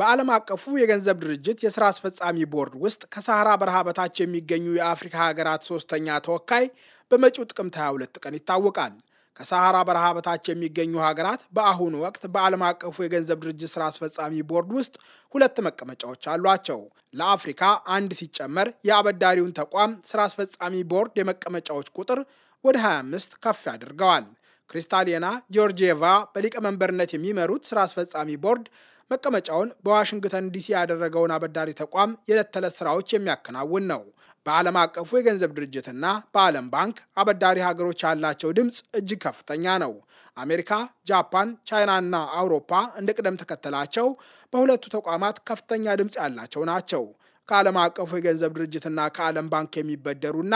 በዓለም አቀፉ የገንዘብ ድርጅት የስራ አስፈጻሚ ቦርድ ውስጥ ከሳህራ በረሃ በታች የሚገኙ የአፍሪካ ሀገራት ሶስተኛ ተወካይ በመጪው ጥቅምት 22 ቀን ይታወቃል። ከሳሃራ በረሃ በታች የሚገኙ ሀገራት በአሁኑ ወቅት በዓለም አቀፉ የገንዘብ ድርጅት ስራ አስፈጻሚ ቦርድ ውስጥ ሁለት መቀመጫዎች አሏቸው። ለአፍሪካ አንድ ሲጨመር የአበዳሪውን ተቋም ስራ አስፈጻሚ ቦርድ የመቀመጫዎች ቁጥር ወደ 25 ከፍ ያደርገዋል። ክሪስታሊና ጆርጂየቫ በሊቀመንበርነት የሚመሩት ስራ አስፈጻሚ ቦርድ መቀመጫውን በዋሽንግተን ዲሲ ያደረገውን አበዳሪ ተቋም የዕለት ተዕለት ስራዎች የሚያከናውን ነው። በዓለም አቀፉ የገንዘብ ድርጅትና በዓለም ባንክ አበዳሪ ሀገሮች ያላቸው ድምፅ እጅግ ከፍተኛ ነው። አሜሪካ፣ ጃፓን፣ ቻይና እና አውሮፓ እንደ ቅደም ተከተላቸው በሁለቱ ተቋማት ከፍተኛ ድምፅ ያላቸው ናቸው። ከዓለም አቀፉ የገንዘብ ድርጅትና ከዓለም ባንክ የሚበደሩና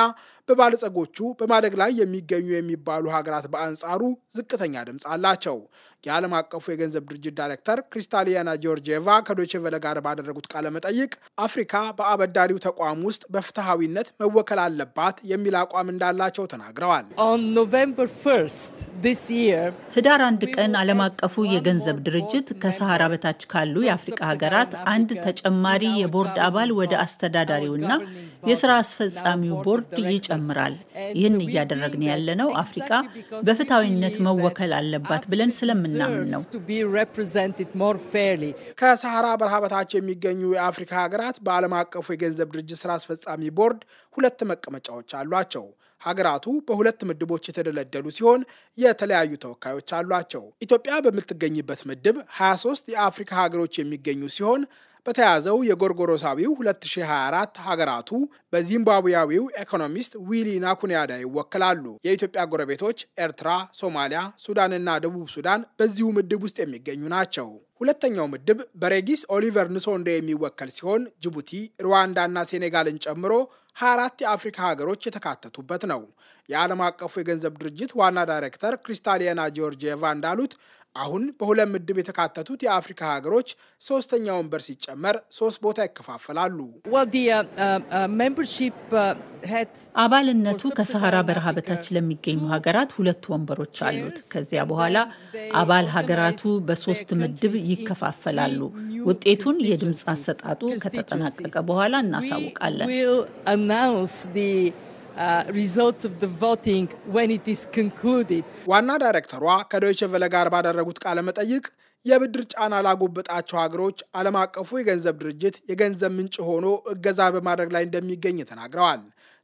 በባለጸጎቹ በማደግ ላይ የሚገኙ የሚባሉ ሀገራት በአንጻሩ ዝቅተኛ ድምፅ አላቸው። የዓለም አቀፉ የገንዘብ ድርጅት ዳይሬክተር ክሪስታሊያና ጆርጂየቫ ከዶቼ ጋር ባደረጉት ቃለ መጠይቅ አፍሪካ በአበዳሪው ተቋም ውስጥ በፍትሐዊነት መወከል አለባት የሚል አቋም እንዳላቸው ተናግረዋል። ህዳር አንድ ቀን ዓለም አቀፉ የገንዘብ ድርጅት ከሰሃራ በታች ካሉ የአፍሪካ ሀገራት አንድ ተጨማሪ የቦርድ አባል ወደ አስተዳዳሪውና የስራ አስፈጻሚው ቦርድ ይጨምራል። ይህን እያደረግን ያለነው አፍሪካ በፍትሐዊነት መወከል አለባት ብለን ስለምን ስለምናምን ነው። ከሰሃራ በረሃ በታች የሚገኙ የአፍሪካ ሀገራት በዓለም አቀፉ የገንዘብ ድርጅት ስራ አስፈጻሚ ቦርድ ሁለት መቀመጫዎች አሏቸው። ሀገራቱ በሁለት ምድቦች የተደለደሉ ሲሆን የተለያዩ ተወካዮች አሏቸው። ኢትዮጵያ በምትገኝበት ምድብ 23 የአፍሪካ ሀገሮች የሚገኙ ሲሆን በተያዘው የጎርጎሮሳዊው 2024 ሀገራቱ በዚምባብዌያዊው ኢኮኖሚስት ዊሊ ናኩንያዳ ይወክላሉ። የኢትዮጵያ ጎረቤቶች ኤርትራ፣ ሶማሊያ፣ ሱዳንና ደቡብ ሱዳን በዚሁ ምድብ ውስጥ የሚገኙ ናቸው። ሁለተኛው ምድብ በሬጊስ ኦሊቨር ንሶንዶ የሚወከል ሲሆን ጅቡቲ፣ ሩዋንዳና ሴኔጋልን ጨምሮ 24 የአፍሪካ ሀገሮች የተካተቱበት ነው። የዓለም አቀፉ የገንዘብ ድርጅት ዋና ዳይሬክተር ክሪስታሊያና ጂዮርጂየቫ እንዳሉት አሁን በሁለት ምድብ የተካተቱት የአፍሪካ ሀገሮች ሶስተኛ ወንበር ሲጨመር ሶስት ቦታ ይከፋፈላሉ። uh, uh, uh, አባልነቱ ከሰሃራ በረሃ በታች ለሚገኙ ሀገራት ሁለት ወንበሮች አሉት። ከዚያ በኋላ አባል ሀገራቱ በሶስት ምድብ ይከፋፈላሉ። ውጤቱን የድምፅ አሰጣጡ ከተጠናቀቀ በኋላ እናሳውቃለን። Uh, results of ዋና ዳይሬክተሯ ከዶይቸ ቨለ ጋር ባደረጉት ቃለ መጠይቅ የብድር ጫና ላጎበጣቸው ሀገሮች ዓለም አቀፉ የገንዘብ ድርጅት የገንዘብ ምንጭ ሆኖ እገዛ በማድረግ ላይ እንደሚገኝ ተናግረዋል።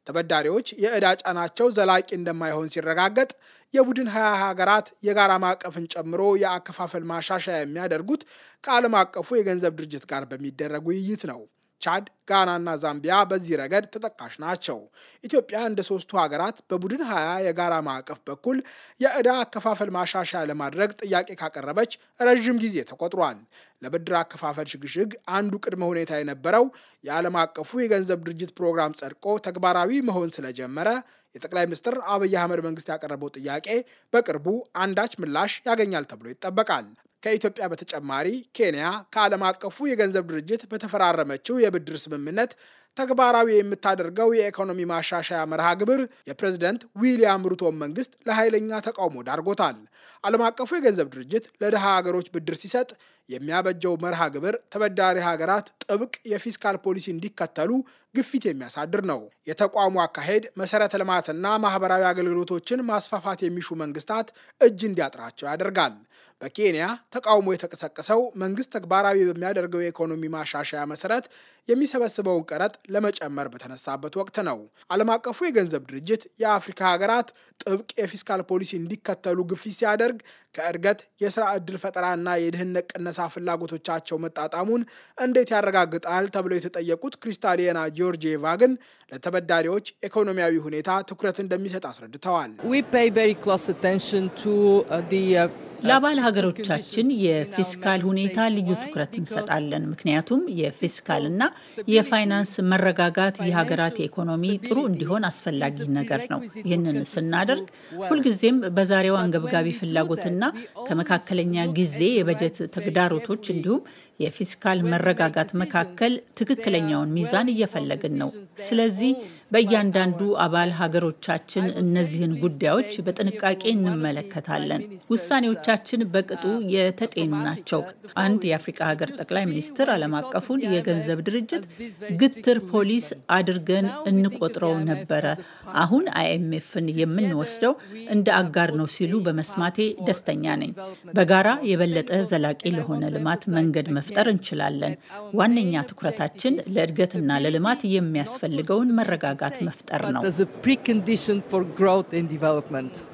ተበዳሪዎች የዕዳ ጫናቸው ዘላቂ እንደማይሆን ሲረጋገጥ የቡድን ሀያ ሀገራት የጋራ ማዕቀፍን ጨምሮ የአከፋፈል ማሻሻያ የሚያደርጉት ከዓለም አቀፉ የገንዘብ ድርጅት ጋር በሚደረግ ውይይት ነው። ቻድ፣ ጋና እና ዛምቢያ በዚህ ረገድ ተጠቃሽ ናቸው። ኢትዮጵያ እንደ ሶስቱ ሀገራት በቡድን ሀያ የጋራ ማዕቀፍ በኩል የዕዳ አከፋፈል ማሻሻያ ለማድረግ ጥያቄ ካቀረበች ረዥም ጊዜ ተቆጥሯል። ለብድር አከፋፈል ሽግሽግ አንዱ ቅድመ ሁኔታ የነበረው የዓለም አቀፉ የገንዘብ ድርጅት ፕሮግራም ጸድቆ ተግባራዊ መሆን ስለጀመረ የጠቅላይ ሚኒስትር አብይ አህመድ መንግስት ያቀረበው ጥያቄ በቅርቡ አንዳች ምላሽ ያገኛል ተብሎ ይጠበቃል። ከኢትዮጵያ በተጨማሪ ኬንያ ከዓለም አቀፉ የገንዘብ ድርጅት በተፈራረመችው የብድር ስምምነት ተግባራዊ የምታደርገው የኢኮኖሚ ማሻሻያ መርሃ ግብር የፕሬዝደንት ዊሊያም ሩቶን መንግስት ለኃይለኛ ተቃውሞ ዳርጎታል። ዓለም አቀፉ የገንዘብ ድርጅት ለድሃ ሀገሮች ብድር ሲሰጥ የሚያበጀው መርሃ ግብር ተበዳሪ ሀገራት ጥብቅ የፊስካል ፖሊሲ እንዲከተሉ ግፊት የሚያሳድር ነው። የተቋሙ አካሄድ መሰረተ ልማትና ማህበራዊ አገልግሎቶችን ማስፋፋት የሚሹ መንግስታት እጅ እንዲያጥራቸው ያደርጋል። በኬንያ ተቃውሞ የተቀሰቀሰው መንግስት ተግባራዊ በሚያደርገው የኢኮኖሚ ማሻሻያ መሰረት የሚሰበስበውን ቀረጥ ለመጨመር በተነሳበት ወቅት ነው። ዓለም አቀፉ የገንዘብ ድርጅት የአፍሪካ ሀገራት ጥብቅ የፊስካል ፖሊሲ እንዲከተሉ ግፊት ሲያደርግ ከእድገት የስራ ዕድል ፈጠራና የድህነት ቅነሳ ፍላጎቶቻቸው መጣጣሙን እንዴት ያረጋግጣል ተብለው የተጠየቁት ክሪስታሊና ጆርጂየቫ ግን ለተበዳሪዎች ኢኮኖሚያዊ ሁኔታ ትኩረት እንደሚሰጥ አስረድተዋል። ለአባል ሀገሮቻችን የፊስካል ሁኔታ ልዩ ትኩረት እንሰጣለን። ምክንያቱም የፊስካልና የፋይናንስ መረጋጋት የሀገራት የኢኮኖሚ ጥሩ እንዲሆን አስፈላጊ ነገር ነው። ይህንን ስናደርግ ሁልጊዜም በዛሬው አንገብጋቢ ፍላጎትና ከመካከለኛ ጊዜ የበጀት ተግዳሮቶች እንዲሁም የፊስካል መረጋጋት መካከል ትክክለኛውን ሚዛን እየፈለግን ነው። ስለዚህ በእያንዳንዱ አባል ሀገሮቻችን እነዚህን ጉዳዮች በጥንቃቄ እንመለከታለን። ውሳኔዎቻችን በቅጡ የተጤኑ ናቸው። አንድ የአፍሪካ ሀገር ጠቅላይ ሚኒስትር ዓለም አቀፉን የገንዘብ ድርጅት ግትር ፖሊስ አድርገን እንቆጥረው ነበረ። አሁን አይኤምኤፍን የምንወስደው እንደ አጋር ነው ሲሉ በመስማቴ ደስተኛ ነኝ። በጋራ የበለጠ ዘላቂ ለሆነ ልማት መንገድ መፍጠር እንችላለን። ዋነኛ ትኩረታችን ለእድገትና ለልማት የሚያስፈልገውን መረጋጋት መረጋጋት መፍጠር ነው።